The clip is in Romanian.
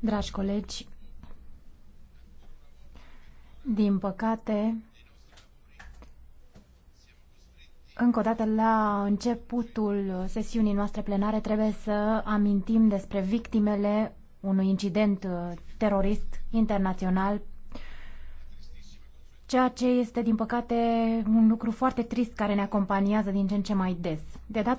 Dragi colegi, din păcate, încă o dată la începutul sesiunii noastre plenare trebuie să amintim despre victimele unui incident uh, terorist internațional ceea ce este, din păcate, un lucru foarte trist care ne acompaniază din ce în ce mai des. De data